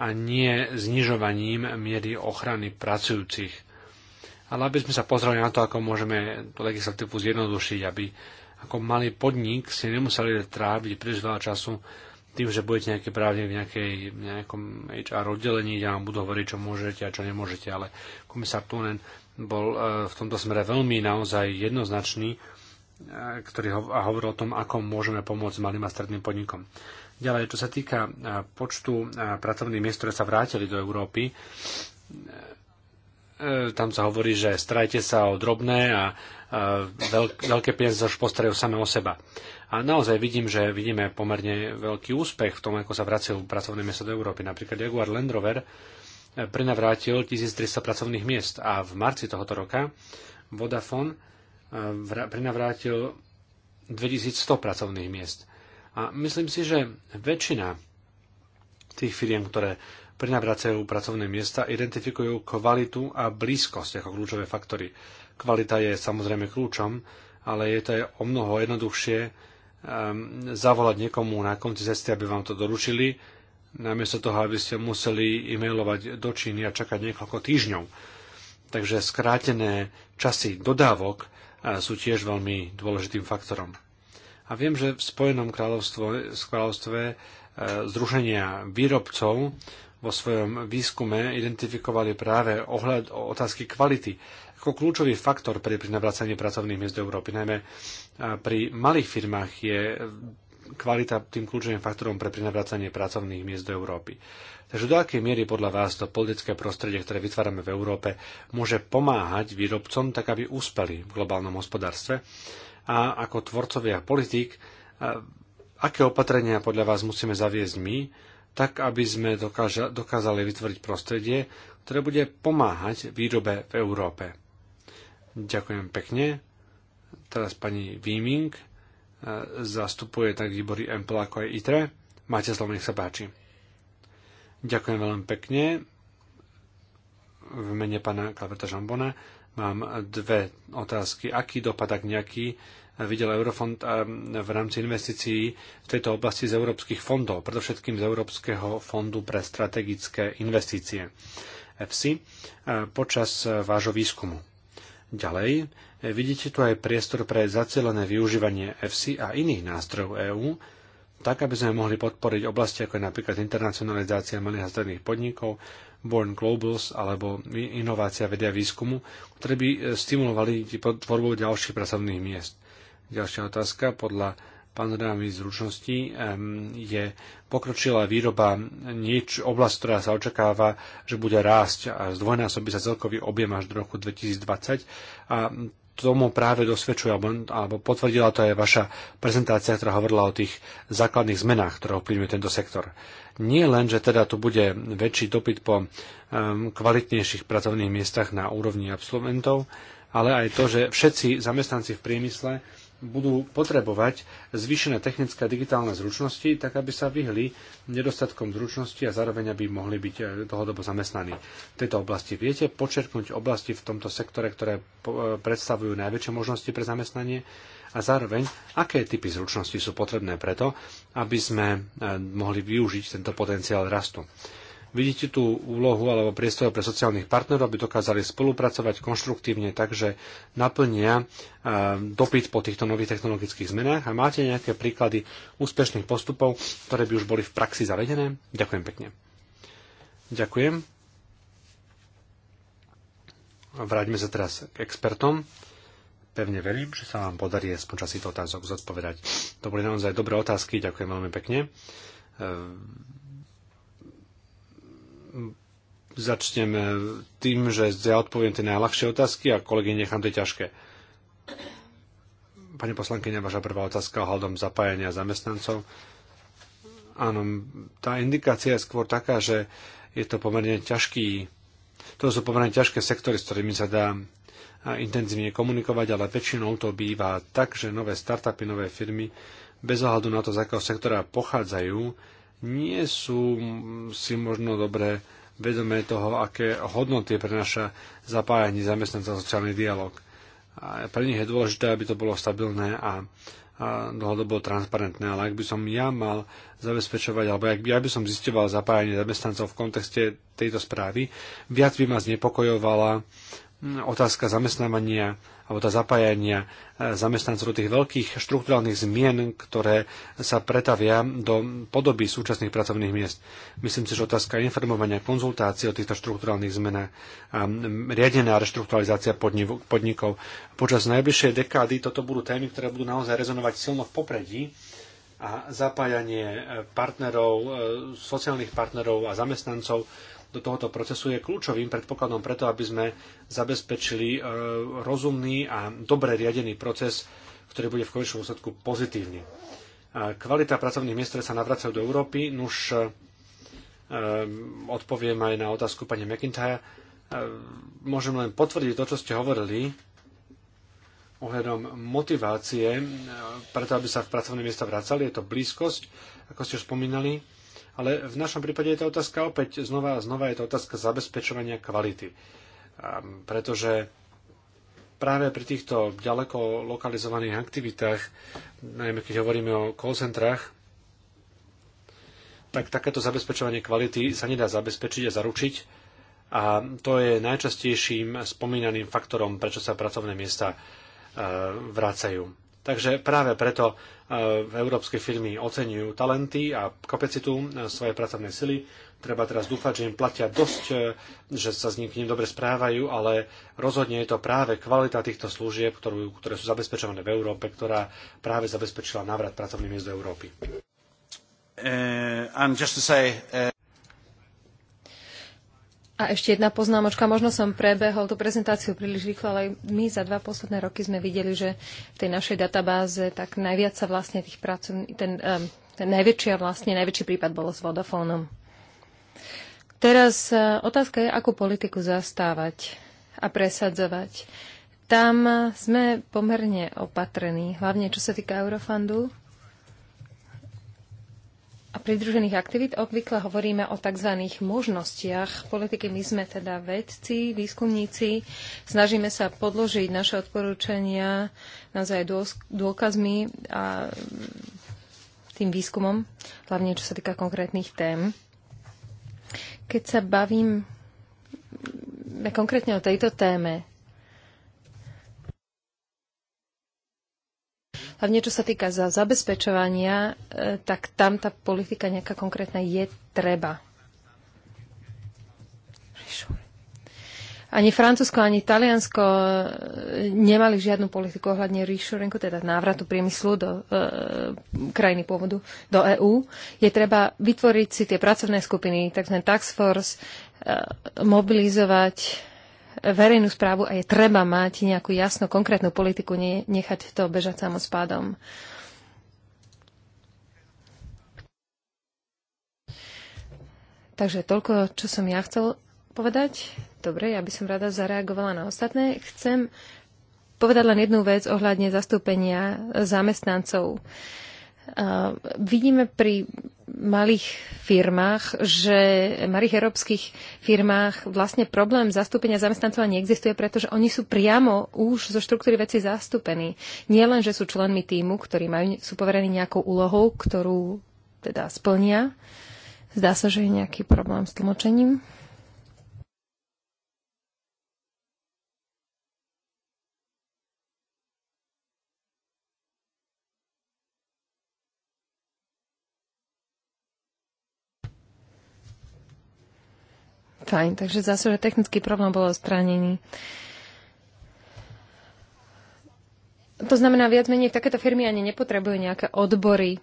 a nie znižovaním miery ochrany pracujúcich. Ale aby sme sa pozreli na to, ako môžeme tú legislatívu zjednodušiť, aby ako malý podnik si nemuseli tráviť príliš veľa času tým, že budete nejaké právne v nejakej, nejakom HR oddelení, kde vám budú hovoriť, čo môžete a čo nemôžete, ale komisár Tunen bol e, v tomto smere veľmi naozaj jednoznačný ktorý hovoril o tom, ako môžeme pomôcť malým a stredným podnikom. Ďalej, čo sa týka počtu pracovných miest, ktoré sa vrátili do Európy, e, e, tam sa hovorí, že strajte sa o drobné a veľké peniaze sa už postarajú same o seba. A naozaj vidím, že vidíme pomerne veľký úspech v tom, ako sa vracajú pracovné miesta do Európy. Napríklad Jaguar Land Rover e, prenavrátil 1300 pracovných miest a v marci tohoto roka Vodafone prinavrátil 2100 pracovných miest. A myslím si, že väčšina tých firiem, ktoré prinavracajú pracovné miesta, identifikujú kvalitu a blízkosť ako kľúčové faktory. Kvalita je samozrejme kľúčom, ale je to aj o mnoho jednoduchšie um, zavolať niekomu na konci cesty, aby vám to doručili, namiesto toho, aby ste museli e-mailovať do Číny a čakať niekoľko týždňov. Takže skrátené časy dodávok sú tiež veľmi dôležitým faktorom. A viem, že v Spojenom kráľovstve, kráľovstve Združenia výrobcov vo svojom výskume identifikovali práve ohľad o otázky kvality ako kľúčový faktor pri, pri navracení pracovných miest do Európy. Najmä e, pri malých firmách je kvalita tým kľúčovým faktorom pre prinavracanie pracovných miest do Európy. Takže do akej miery podľa vás to politické prostredie, ktoré vytvárame v Európe, môže pomáhať výrobcom tak, aby úspeli v globálnom hospodárstve? A ako tvorcovia politík, aké opatrenia podľa vás musíme zaviesť my, tak aby sme dokázali vytvoriť prostredie, ktoré bude pomáhať výrobe v Európe? Ďakujem pekne. Teraz pani Výming zastupuje tak výbory MPL ako aj ITRE. Máte slovo, nech sa páči. Ďakujem veľmi pekne. V mene pána Klaverta Žambona mám dve otázky. Aký dopad, ak nejaký, videl Eurofond v rámci investícií v tejto oblasti z európskych fondov, predovšetkým z Európskeho fondu pre strategické investície EFSI, počas vášho výskumu. Ďalej, E, vidíte tu aj priestor pre zacielené využívanie FC a iných nástrojov EÚ, tak aby sme mohli podporiť oblasti ako je napríklad internacionalizácia malých a stredných podnikov, Born Globals alebo inovácia vedia výskumu, ktoré by e, stimulovali tvorbu ďalších pracovných miest. Ďalšia otázka podľa panorámy zručností je pokročilá výroba nič, oblasť, ktorá sa očakáva, že bude rásť a zdvojnásobí sa celkový objem až do roku 2020 a tomu práve dosvedčuje, alebo, alebo potvrdila to aj vaša prezentácia, ktorá hovorila o tých základných zmenách, ktoré ovplyvňuje tento sektor. Nie len, že teda tu bude väčší dopyt po um, kvalitnejších pracovných miestach na úrovni absolventov, ale aj to, že všetci zamestnanci v priemysle budú potrebovať zvýšené technické a digitálne zručnosti, tak aby sa vyhli nedostatkom zručnosti a zároveň aby mohli byť eh, dlhodobo zamestnaní. V tejto oblasti viete počerknúť oblasti v tomto sektore, ktoré eh, predstavujú najväčšie možnosti pre zamestnanie a zároveň, aké typy zručnosti sú potrebné preto, aby sme eh, mohli využiť tento potenciál rastu. Vidíte tú úlohu alebo priestor pre sociálnych partnerov, aby dokázali spolupracovať konštruktívne, takže naplnia e, dopyt po týchto nových technologických zmenách a máte nejaké príklady úspešných postupov, ktoré by už boli v praxi zavedené? Ďakujem pekne. Ďakujem. Vráťme sa teraz k expertom. Pevne verím, že sa vám podarí aspoň časí to otázok zodpovedať. To boli naozaj dobré otázky, ďakujem veľmi pekne e, Začnem tým, že ja odpoviem tie najľahšie otázky a kolegy nechám tie ťažké. Pani poslankyňa, vaša prvá otázka ohľadom zapájania zamestnancov. Áno, tá indikácia je skôr taká, že je to pomerne ťažký, to sú pomerne ťažké sektory, s ktorými sa dá intenzívne komunikovať, ale väčšinou to býva tak, že nové startupy, nové firmy, bez ohľadu na to, z akého sektora pochádzajú, nie sú mm, si možno dobre vedomé toho, aké hodnoty prenaša zapájanie zamestnanca sociálny dialog. A pre nich je dôležité, aby to bolo stabilné a, a dlhodobo transparentné, ale ak by som ja mal zabezpečovať, alebo ak by, ja by som zistoval zapájanie zamestnancov v kontexte tejto správy, viac by ma znepokojovala otázka zamestnávania alebo tá zapájania e, zamestnancov do tých veľkých štruktúrálnych zmien, ktoré sa pretavia do podoby súčasných pracovných miest. Myslím si, že otázka informovania, konzultácie o týchto štruktúrálnych zmenách a um, riadená reštrukturalizácia podnikov. Počas najbližšej dekády toto budú témy, ktoré budú naozaj rezonovať silno v popredí a zapájanie e, partnerov, e, sociálnych partnerov a zamestnancov do tohoto procesu je kľúčovým predpokladom preto, aby sme zabezpečili e, rozumný a dobre riadený proces, ktorý bude v konečnom úsledku pozitívny. Kvalita pracovných miest, ktoré sa navracajú do Európy, nuž e, e, odpoviem aj na otázku pani McIntyre. Môžem len potvrdiť to, čo ste hovorili, ohľadom motivácie, preto aby sa v pracovné miesta vracali, je to blízkosť, ako ste už spomínali ale v našom prípade je to otázka opäť znova a znova je to otázka zabezpečovania kvality. Pretože práve pri týchto ďaleko lokalizovaných aktivitách, najmä keď hovoríme o call centrách, tak takéto zabezpečovanie kvality sa nedá zabezpečiť a zaručiť. A to je najčastejším spomínaným faktorom, prečo sa pracovné miesta e, vrácajú. Takže práve preto e, európske firmy oceňujú talenty a kapacitu e, svojej pracovnej sily. Treba teraz dúfať, že im platia dosť, e, že sa s ním k ním dobre správajú, ale rozhodne je to práve kvalita týchto služieb, ktorú, ktoré sú zabezpečované v Európe, ktorá práve zabezpečila návrat pracovných miest do Európy. Uh, uh a ešte jedna poznámočka. Možno som prebehol tú prezentáciu príliš rýchlo, ale my za dva posledné roky sme videli, že v tej našej databáze tak najviac sa vlastne tých pracovn... ten, um, ten najväčšia vlastne, najväčší prípad bolo s Vodafónom. Teraz uh, otázka je, akú politiku zastávať a presadzovať. Tam sme pomerne opatrení, hlavne čo sa týka Eurofundu a pridružených aktivít obvykle hovoríme o tzv. možnostiach politiky. My sme teda vedci, výskumníci, snažíme sa podložiť naše odporúčania naozaj dôkazmi a tým výskumom, hlavne čo sa týka konkrétnych tém. Keď sa bavím konkrétne o tejto téme, Hlavne čo sa týka za zabezpečovania, e, tak tam tá politika nejaká konkrétna je treba. Ani Francúzsko, ani Taliansko e, nemali žiadnu politiku ohľadne reshoringu, teda návratu priemyslu do e, krajiny pôvodu, do EÚ. Je treba vytvoriť si tie pracovné skupiny, tzv. tax force, e, mobilizovať verejnú správu a je treba mať nejakú jasnú, konkrétnu politiku, nie, nechať to bežať samozpádom. Takže toľko, čo som ja chcel povedať. Dobre, ja by som rada zareagovala na ostatné. Chcem povedať len jednu vec ohľadne zastúpenia zamestnancov. Uh, Ehm, vidíme pri malých firmách, že malých európskych firmách vlastne problém zastúpenia zamestnancov neexistuje, pretože oni sú priamo už zo štruktúry veci zastúpení. Nie len, že sú členmi týmu, ktorí majú, sú poverení nejakou úlohou, ktorú teda splnia. Zdá sa, že je nejaký problém s tlmočením. Fajn, takže zase, že technický problém bol odstránený. To znamená, viac menej takéto firmy ani nepotrebujú nejaké odbory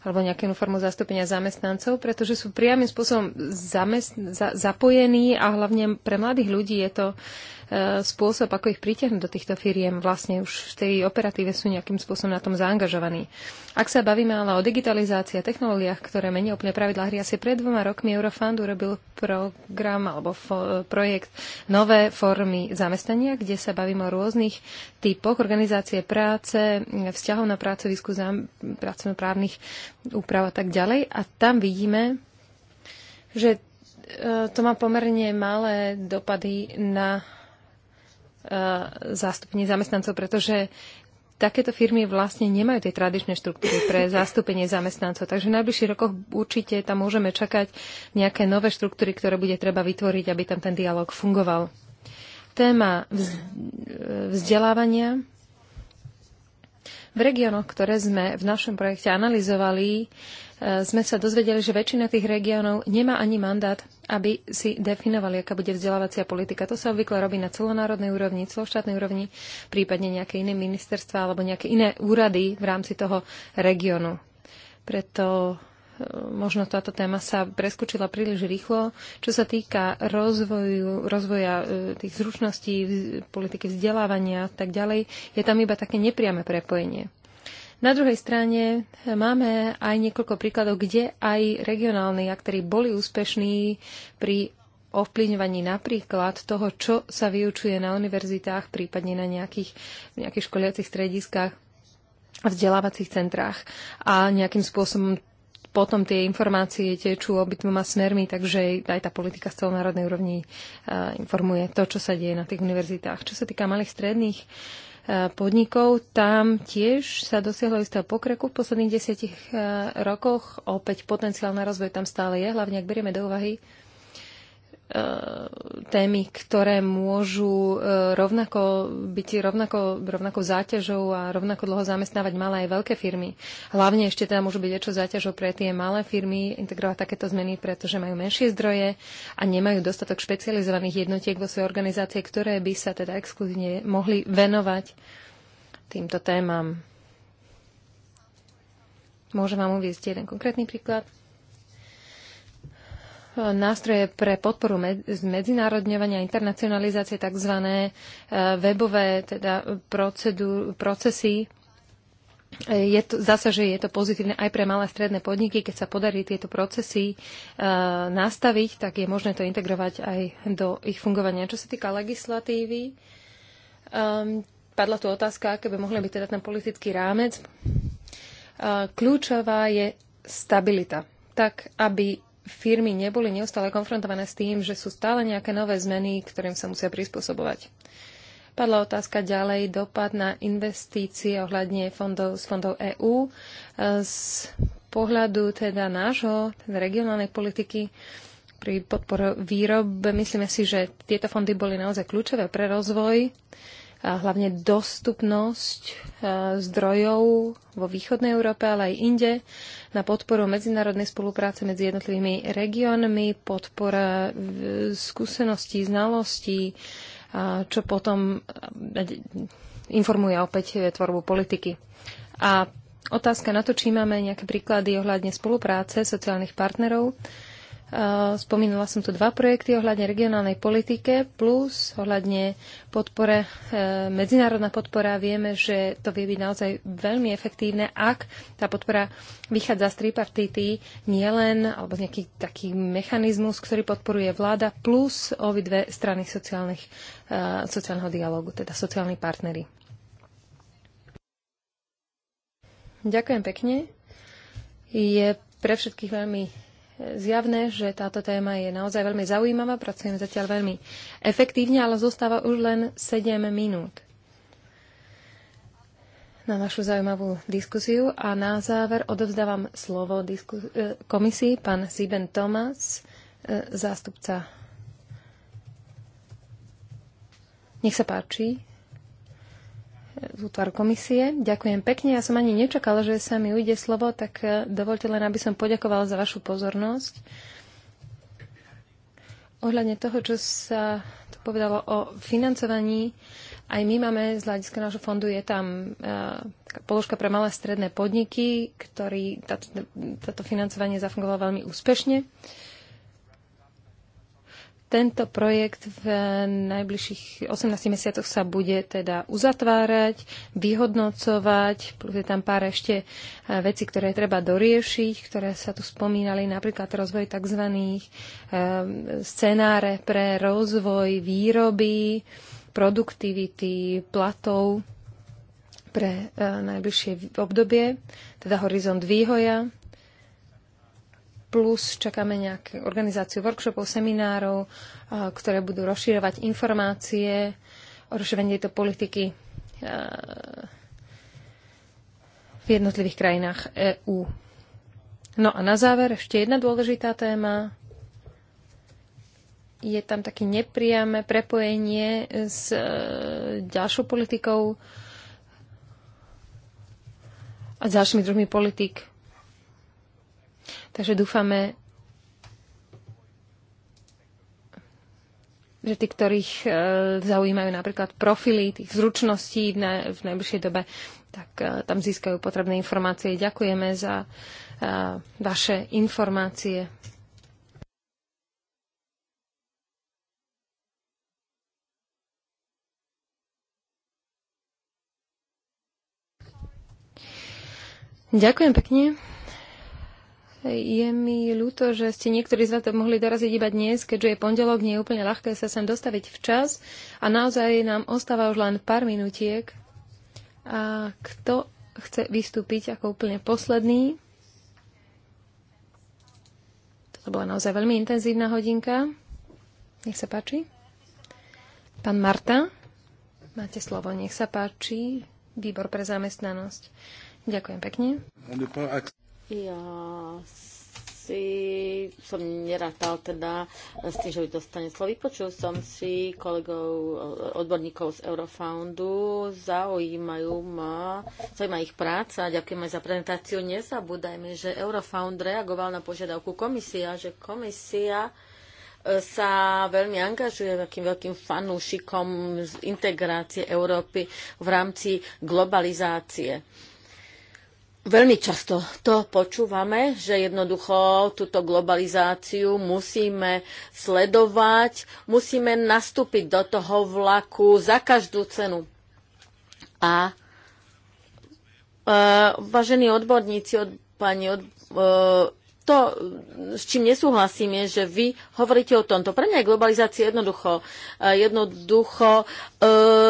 alebo nejakú formu zastúpenia zamestnancov, pretože sú priamým spôsobom zamest- za- zapojení a hlavne pre mladých ľudí je to spôsob, ako ich pritiahnuť do týchto firiem, vlastne už v tej operatíve sú nejakým spôsobom na tom zaangažovaní. Ak sa bavíme ale o digitalizácii a technológiách, ktoré menia úplne pravidlá hry, asi pred dvoma rokmi Eurofund urobil program alebo projekt Nové formy zamestnania, kde sa bavíme o rôznych typoch organizácie práce, vzťahov na pracovisku, pracovnoprávnych úprav a tak ďalej. A tam vidíme, že e, to má pomerne malé dopady na E, zástupní zamestnancov, pretože takéto firmy vlastne nemajú tie tradičné štruktúry pre zastúpenie zamestnancov. Takže v najbližších rokoch určite tam môžeme čakať nejaké nové štruktúry, ktoré bude treba vytvoriť, aby tam ten dialog fungoval. Téma e, vzdelávania. V regiónoch, ktoré sme v našom projekte analyzovali, sme sa dozvedeli, že väčšina tých regiónov nemá ani mandát, aby si definovali, aká bude vzdelávacia politika. To sa obvykle robí na celonárodnej úrovni, celoštátnej úrovni, prípadne nejaké iné ministerstva alebo nejaké iné úrady v rámci toho regiónu. Preto e, možno táto téma sa preskočila príliš rýchlo. Čo sa týka rozvoju, rozvoja e, tých zručností, politiky vzdelávania a tak ďalej, je tam iba také nepriame prepojenie. Na druhej strane eh, máme aj niekoľko príkladov, kde aj regionálni aktéry boli úspešní pri ovplyvňovaní napríklad toho, čo sa vyučuje na univerzitách, prípadne na nejakých, nejakých školiacich strediskách a vzdelávacích centrách. A nejakým spôsobom potom tie informácie tečú obytmoma smermi, takže aj tá politika z celonárodnej úrovni eh, informuje to, čo sa deje na tých univerzitách. Čo sa týka malých stredných podnikov. Tam tiež sa dosiahlo istého pokreku v posledných desiatich eh, rokoch. Opäť potenciál na rozvoj tam stále je, hlavne ak berieme do úvahy E, témy, ktoré môžu e, rovnako, byť rovnako, rovnako záťažou a rovnako dlho zamestnávať malé aj veľké firmy. Hlavne ešte teda môžu byť väčšou záťažou pre tie malé firmy integrovať takéto zmeny, pretože majú menšie zdroje a nemajú dostatok špecializovaných jednotiek vo svojej organizácie, ktoré by sa teda exkluzívne mohli venovať týmto témam. Môžem vám uvieť jeden konkrétny príklad nástroje pre podporu medzinárodňovania, a internacionalizácie, tzv. E, webové teda procesy. E, je to, zase, že je to pozitívne aj pre malé a stredné podniky. Keď sa podarí tieto procesy e, nastaviť, tak je možné to integrovať aj do ich fungovania. Čo sa týka legislatívy, um, padla tu otázka, aké by mohli byť teda ten politický rámec. Uh, kľúčová je stabilita tak, aby firmy neboli neustále konfrontované s tým, že sú stále nejaké nové zmeny, ktorým sa musia prispôsobovať. Padla otázka ďalej dopad na investície ohľadne fondov z fondov EÚ. Z pohľadu teda nášho, teda regionálnej politiky, pri podpore výrobe. Myslíme si, že tieto fondy boli naozaj kľúčové pre rozvoj hlavne dostupnosť e, zdrojov vo východnej Európe, ale aj inde, na podporu medzinárodnej spolupráce medzi jednotlivými regiónmi, podpora skúseností, znalostí, čo potom e, informuje opäť e, tvorbu politiky. A otázka na to, či máme nejaké príklady ohľadne spolupráce sociálnych partnerov, Eh, Spomínala som tu dva projekty ohľadne regionálnej politike plus ohľadne podpore, eh, medzinárodná podpora. Vieme, že to vie byť naozaj veľmi efektívne, ak tá podpora vychádza z tripartity nielen alebo z nejaký taký mechanizmus, ktorý podporuje vláda plus ovi dve strany sociálnych, eh, sociálneho dialogu, teda sociálni partnery. Ďakujem pekne. Je pre všetkých veľmi zjavné, že táto téma je naozaj veľmi zaujímavá, pracujem zatiaľ veľmi efektívne, ale zostáva už len 7 minút na našu zaujímavú diskusiu a na záver odovzdávam slovo disku- e, komisii pán Siben Thomas, e, zástupca. Nech sa páči, z útvaru komisie. Ďakujem pekne. Ja som ani nečakala, že sa mi ujde slovo, tak e, dovolte len, aby som poďakovala za vašu pozornosť. Ohľadne toho, čo sa tu povedalo o financovaní, aj my máme z hľadiska nášho fondu, je tam uh, položka pre malé stredné podniky, ktorý táto, táto financovanie zafungovalo veľmi úspešne. Uh, tento projekt v najbližších 18 mesiacoch sa bude teda uzatvárať, vyhodnocovať, plus je tam pár ešte e, veci, ktoré treba doriešiť, ktoré sa tu spomínali, napríklad rozvoj tzv. E, scenáre pre rozvoj výroby, produktivity, platov pre e, najbližšie obdobie, teda horizont výhoja plus čakáme nejakú organizáciu workshopov, seminárov, ktoré budú rozširovať informácie o rozširovaní tejto politiky v jednotlivých krajinách EÚ. No a na záver ešte jedna dôležitá téma. Je tam také nepriame prepojenie s e, ďalšou politikou a s ďalšími druhmi politik Takže dúfame, že tí, ktorých e, zaujímajú napríklad profily tých zručností v, ne, v najbližšej dobe, tak e, tam získajú potrebné informácie. Ďakujeme za e, vaše informácie. Ďakujem pekne. Je mi ľúto, že ste niektorí z vás to mohli doraziť iba dnes, keďže je pondelok, nie je úplne ľahké sa sem dostaviť včas a naozaj nám ostáva už len pár minutiek. A kto chce vystúpiť ako úplne posledný? Toto bola naozaj veľmi intenzívna hodinka. Nech sa páči. Pán Marta, máte slovo, nech sa páči. Výbor pre zamestnanosť. Ďakujem pekne. Ja si som nerátal teda s tým, že by dostane slovo. Vypočul som si kolegov, odborníkov z Eurofoundu. Zaujímajú ma, zaujíma ich práca. Ďakujem aj za prezentáciu. Nezabúdajme, že Eurofound reagoval na požiadavku komisia, že komisia e, sa veľmi angažuje takým veľkým fanúšikom z integrácie Európy v rámci globalizácie Veľmi často to počúvame, že jednoducho túto globalizáciu musíme sledovať, musíme nastúpiť do toho vlaku za každú cenu. A e, vážení odborníci, od, pani od, e, to, s čím nesúhlasím, je, že vy hovoríte o tomto. Pre mňa je globalizácia jednoducho. E, jednoducho e,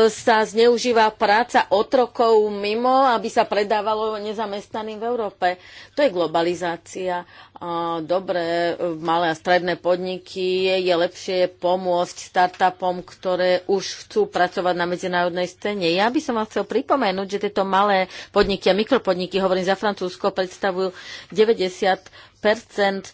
sa zneužíva práca otrokov mimo, aby sa predávalo nezamestnaným v Európe. To je globalizácia. A dobre, malé a stredné podniky je, je lepšie pomôcť startupom, ktoré už chcú pracovať na medzinárodnej scéne. Ja by som vám chcel pripomenúť, že tieto malé podniky a mikropodniky, hovorím za Francúzsko, predstavujú 90 percent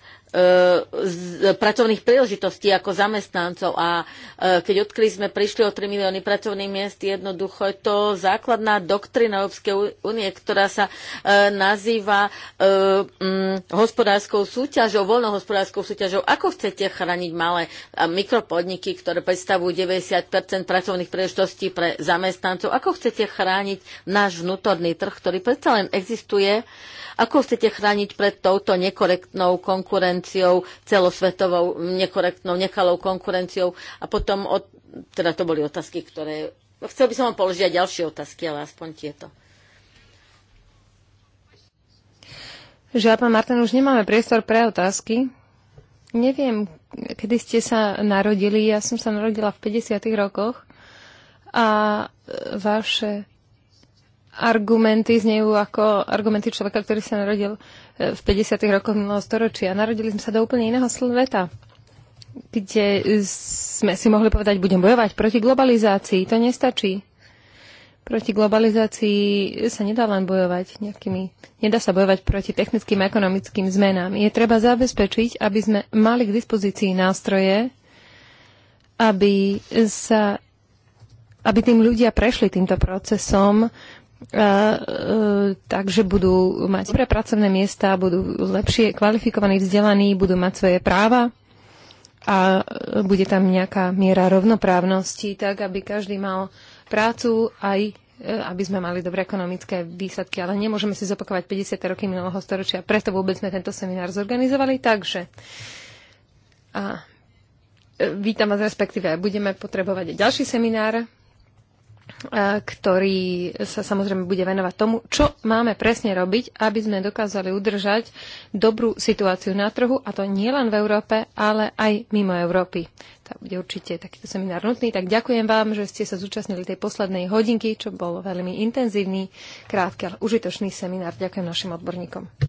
z pracovných príležitostí ako zamestnancov a e, keď odkedy sme prišli o 3 milióny pracovných miest, jednoducho je to základná doktrina Európskej únie, ktorá sa e, nazýva e, hospodárskou súťažou, voľnohospodárskou súťažou. Ako chcete chrániť malé mikropodniky, ktoré predstavujú 90 pracovných príležitostí pre zamestnancov? Ako chcete chrániť náš vnútorný trh, ktorý predsa len existuje? Ako chcete chrániť pred touto nekorektnou konkurenciou? konkurenciou, celosvetovou nekorektnou, nekalou konkurenciou. A potom, od, teda to boli otázky, ktoré... No, chcel by som vám položiť aj ďalšie otázky, ale aspoň tieto. Žiaľ, pán Martin, už nemáme priestor pre otázky. Neviem, kedy ste sa narodili. Ja som sa narodila v 50. rokoch a vaše argumenty znejú ako argumenty človeka, ktorý sa narodil v 50. rokoch minulého storočia. Narodili sme sa do úplne iného sveta kde sme si mohli povedať, budem bojovať proti globalizácii. To nestačí. Proti globalizácii sa nedá len bojovať nejakými, nedá sa bojovať proti technickým a ekonomickým zmenám. Je treba zabezpečiť, aby sme mali k dispozícii nástroje, aby sa aby tým ľudia prešli týmto procesom E, takže budú mať dobré pracovné miesta, budú lepšie kvalifikovaní, vzdelaní, budú mať svoje práva a e, bude tam nejaká miera rovnoprávnosti, tak aby každý mal prácu aj e, aby sme mali dobré ekonomické výsledky, ale nemôžeme si zopakovať 50. roky minulého storočia, preto vôbec sme tento seminár zorganizovali, takže a vítam vás respektíve, budeme potrebovať ďalší seminár, ktorý sa samozrejme bude venovať tomu, čo máme presne robiť, aby sme dokázali udržať dobrú situáciu na trhu, a to nie len v Európe, ale aj mimo Európy. To bude určite takýto seminár nutný. Tak ďakujem vám, že ste sa zúčastnili tej poslednej hodinky, čo bol veľmi intenzívny, krátky, ale užitočný seminár. Ďakujem našim odborníkom.